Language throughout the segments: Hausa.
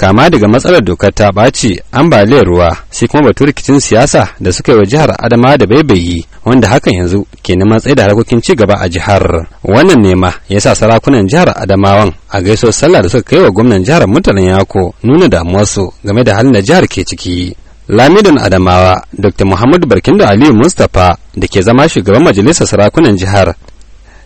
kama daga matsalar dokar ta ɓaci ambaliyar ruwa sai kuma batu rikicin siyasa da suka yi wa jihar adama da baibayi wanda hakan yanzu ke neman tsaye da harkokin ci gaba a jihar wannan nema ya sa sarakunan jihar adamawan a gaiso sallah da suka kai wa gwamnan jihar mutanen yako nuna damuwarsu game da halin da jihar ke ciki lamidan Adamawa, Dr. Muhammadu Barkindo Aliyu Mustapha da ke zama shugaban majalisar sarakunan jihar,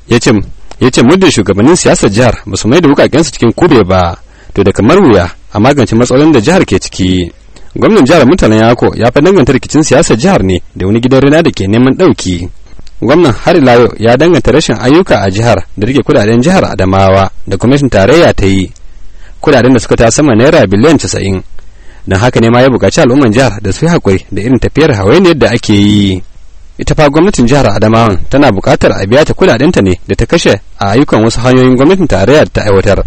ya ce muddin shugabannin siyasar jihar ba su mai da wukakensu cikin kube ba, to da kamar wuya a magance matsalolin da jihar ke ciki gwamnan jihar mutanen yako ya fa danganta rikicin siyasar jihar ne da wani gidan rina da ke neman ɗauki gwamnan har layo ya danganta rashin ayyuka a jihar da rike kudaden jihar adamawa da kwamishin tarayya ta yi kudaden da suka ta sama naira biliyan casa'in don haka ne ma ya buƙaci al'umman jihar da su yi haƙuri da irin tafiyar hawainiyar da ake yi ita fa gwamnatin jihar adamawan tana buƙatar a biya ta kudadenta ne da ta kashe a ayyukan wasu hanyoyin gwamnatin tarayyar ta aiwatar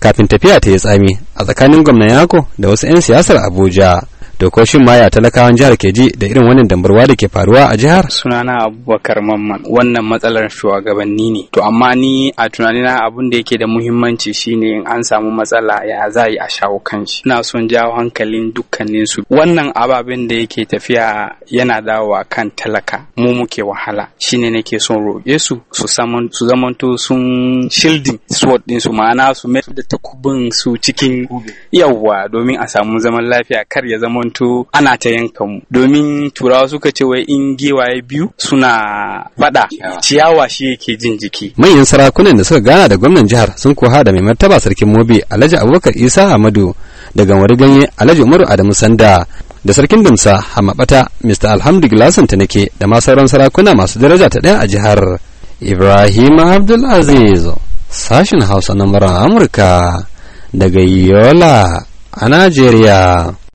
kafin tafiya ta yi tsami a tsakanin gwamnan yako da wasu 'yan siyasar abuja dokoshin ya maya talakawan jihar keji da irin wannan dambarwa da ke faruwa a jihar sunana abubakar mamman wannan matsalar shugabanni ne to amma ni a tunanina abun da yake da muhimmanci shine in an samu matsala ya za a shawo kan shi ina son jawo hankalin dukkanin su wannan ababen da yake tafiya yana dawowa kan talaka mu muke wahala shine nake son roƙe su su zamanto sun shilding sword din su ma'ana su mai da takubin su cikin yawwa domin a samu zaman lafiya kar ya zama zamanto ana ta yanka mu domin turawa suka ce wai in giwaye biyu suna fada ciyawa shi yake jin jiki manyan sarakunan da suka gana da gwamnan jihar sun koha da mai martaba sarkin mobi alhaji abubakar isa ahmadu daga wani ganye alhaji umaru adamu sanda da sarkin damsa hamabata mr alhamdu gilasan ta nake da ma sauran sarakuna masu daraja ta ɗaya a jihar ibrahim abdulaziz sashen hausa na amurka daga yola a najeriya